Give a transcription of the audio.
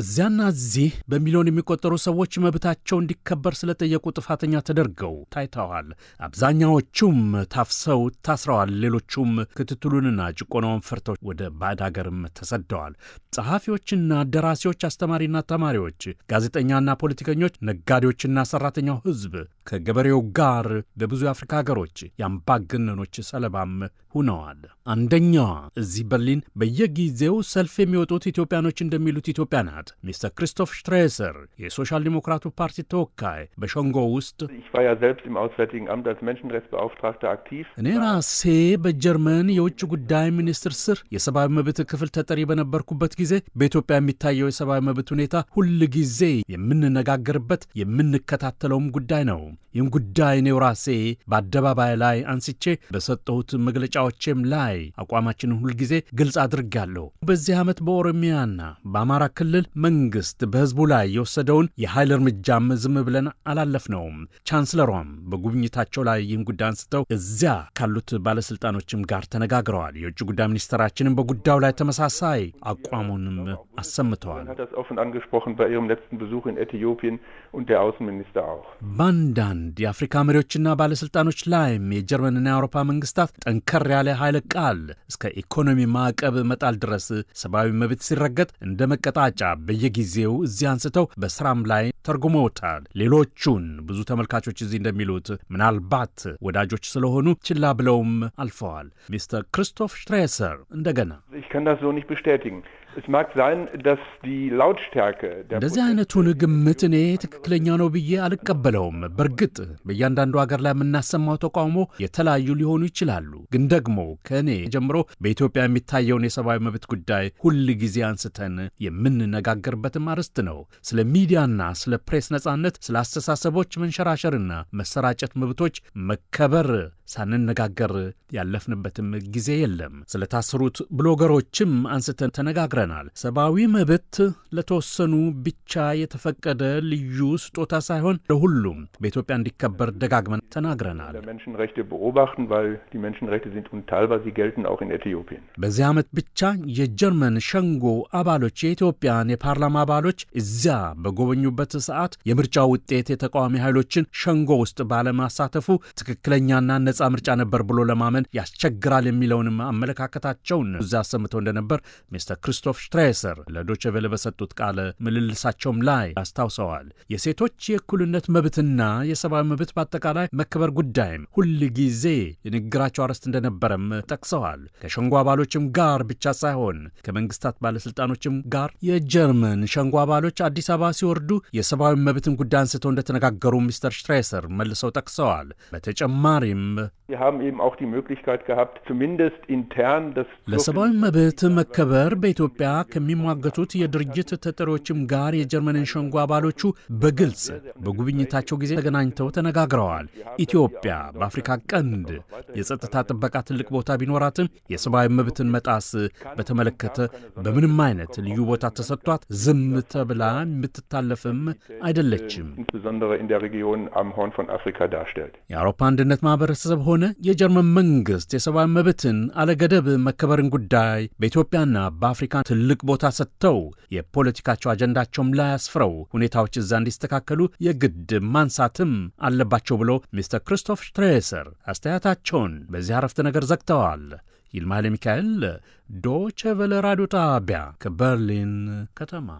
እዚያና እዚህ በሚሊዮን የሚቆጠሩ ሰዎች መብታቸው እንዲከበር ስለጠየቁ ጥፋተኛ ተደርገው ታይተዋል። አብዛኛዎቹም ታፍሰው ታስረዋል። ሌሎቹም ክትትሉንና ጭቆናውን ፈርተው ወደ ባዕድ አገርም ተሰደዋል። ጸሐፊዎችና ደራሲዎች፣ አስተማሪና ተማሪዎች፣ ጋዜጠኛና ፖለቲከኞች፣ ነጋዴዎችና ሠራተኛው ሕዝብ ከገበሬው ጋር በብዙ የአፍሪካ ሀገሮች የአምባገነኖች ሰለባም ሁነዋል። አንደኛዋ እዚህ በርሊን በየጊዜው ሰልፍ የሚወጡት ኢትዮጵያኖች እንደሚሉት ኢትዮጵያ ናት። ናት። ሚስተር ክሪስቶፍ ሽትሬሰር የሶሻል ዲሞክራቱ ፓርቲ ተወካይ በሸንጎ ውስጥ እኔ ራሴ በጀርመን የውጭ ጉዳይ ሚኒስትር ስር የሰብአዊ መብት ክፍል ተጠሪ በነበርኩበት ጊዜ በኢትዮጵያ የሚታየው የሰብአዊ መብት ሁኔታ ሁል ጊዜ የምንነጋገርበት የምንከታተለውም ጉዳይ ነው። ይህም ጉዳይ እኔው ራሴ በአደባባይ ላይ አንስቼ በሰጠሁት መግለጫዎቼም ላይ አቋማችንን ሁልጊዜ ግልጽ አድርጋለሁ። በዚህ ዓመት በኦሮሚያና በአማራ ክልል መንግስት በህዝቡ ላይ የወሰደውን የኃይል እርምጃም ዝም ብለን አላለፍነውም። ቻንስለሯም በጉብኝታቸው ላይ ይህን ጉዳይ አንስተው እዚያ ካሉት ባለሥልጣኖችም ጋር ተነጋግረዋል። የውጭ ጉዳይ ሚኒስትራችንም በጉዳዩ ላይ ተመሳሳይ አቋሙንም አሰምተዋል። በአንዳንድ የአፍሪካ መሪዎችና ባለስልጣኖች ላይም የጀርመንና የአውሮፓ መንግስታት ጠንከር ያለ ኃይል ቃል እስከ ኢኮኖሚ ማዕቀብ መጣል ድረስ ሰብአዊ መብት ሲረገጥ እንደ መቀጣጫ በየጊዜው እዚህ አንስተው በስራም ላይ ተርጉመውታል። ሌሎቹን ብዙ ተመልካቾች እዚህ እንደሚሉት ምናልባት ወዳጆች ስለሆኑ ችላ ብለውም አልፈዋል። ሚስተር ክሪስቶፍ ሽትሬሰር እንደገና እንደዚህ አይነቱን ግምት እኔ ትክክለኛ ነው ብዬ አልቀበለውም። በእርግጥ በእያንዳንዱ ሀገር ላይ የምናሰማው ተቃውሞ የተለያዩ ሊሆኑ ይችላሉ። ግን ደግሞ ከእኔ ጀምሮ በኢትዮጵያ የሚታየውን የሰብአዊ መብት ጉዳይ ሁል ጊዜ አንስተን የምንነጋገርበትም አርዕስት ነው። ስለ ሚዲያና ስለ ፕሬስ ነጻነት፣ ስለ አስተሳሰቦች መንሸራሸርና መሰራጨት መብቶች መከበር ሳንነጋገር ያለፍንበትም ጊዜ የለም። ስለታሰሩት ብሎገሮችም አንስተን ተነጋግረ ብለናል። ሰብአዊ መብት ለተወሰኑ ብቻ የተፈቀደ ልዩ ስጦታ ሳይሆን ለሁሉም በኢትዮጵያ እንዲከበር ደጋግመን ተናግረናል። በዚህ ዓመት ብቻ የጀርመን ሸንጎ አባሎች የኢትዮጵያን የፓርላማ አባሎች እዚያ በጎበኙበት ሰዓት የምርጫ ውጤት የተቃዋሚ ኃይሎችን ሸንጎ ውስጥ ባለማሳተፉ ትክክለኛና ነፃ ምርጫ ነበር ብሎ ለማመን ያስቸግራል የሚለውንም አመለካከታቸውን እዚያ አሰምተው እንደነበር ሚስተር ክሪስቶፍ ሽትሬሰር ለዶቼ በሰጡት ቃለ ምልልሳቸውም ላይ አስታውሰዋል። የሴቶች የእኩልነት መብትና የሰብአዊ መብት በአጠቃላይ መከበር ጉዳይም ሁል ጊዜ የንግግራቸው አርዕስት እንደነበረም ጠቅሰዋል። ከሸንጎ አባሎችም ጋር ብቻ ሳይሆን ከመንግስታት ባለስልጣኖችም ጋር የጀርመን ሸንጎ አባሎች አዲስ አበባ ሲወርዱ የሰብአዊ መብትን ጉዳይ አንስተው እንደተነጋገሩ ሚስተር ሽትሬሰር መልሰው ጠቅሰዋል። በተጨማሪም ለሰብአዊ መብት መከበር በኢትዮጵያ ከሚሟገቱት የድርጅት ተጠሪዎችም ጋር የጀርመንን ሸንጎ አባሎቹ በግልጽ በጉብኝታቸው ጊዜ ተገናኝተው ተነጋግረዋል። ኢትዮጵያ በአፍሪካ ቀንድ የጸጥታ ጥበቃ ትልቅ ቦታ ቢኖራትም የሰብአዊ መብትን መጣስ በተመለከተ በምንም አይነት ልዩ ቦታ ተሰጥቷት ዝም ተብላ የምትታለፍም አይደለችም። የአውሮፓ አንድነት ማህበረሰብ ሆነ የጀርመን መንግስት የሰብአዊ መብትን አለገደብ መከበርን ጉዳይ በኢትዮጵያና በአፍሪካ ትልቅ ቦታ ሰጥተው የፖለቲካቸው አጀንዳቸውም ላይ አስፍረው ሁኔታዎች እዛ እንዲስተካከሉ የግድ ማንሳትም አለባቸው ብሎ ሚስተር ክሪስቶፍ ሽትሬሰር አስተያየታቸውን በዚህ አረፍተ ነገር ዘግተዋል። ይልማ ኃይለ ሚካኤል ዶቼ ቬለ ራዲዮ ጣቢያ ከበርሊን ከተማ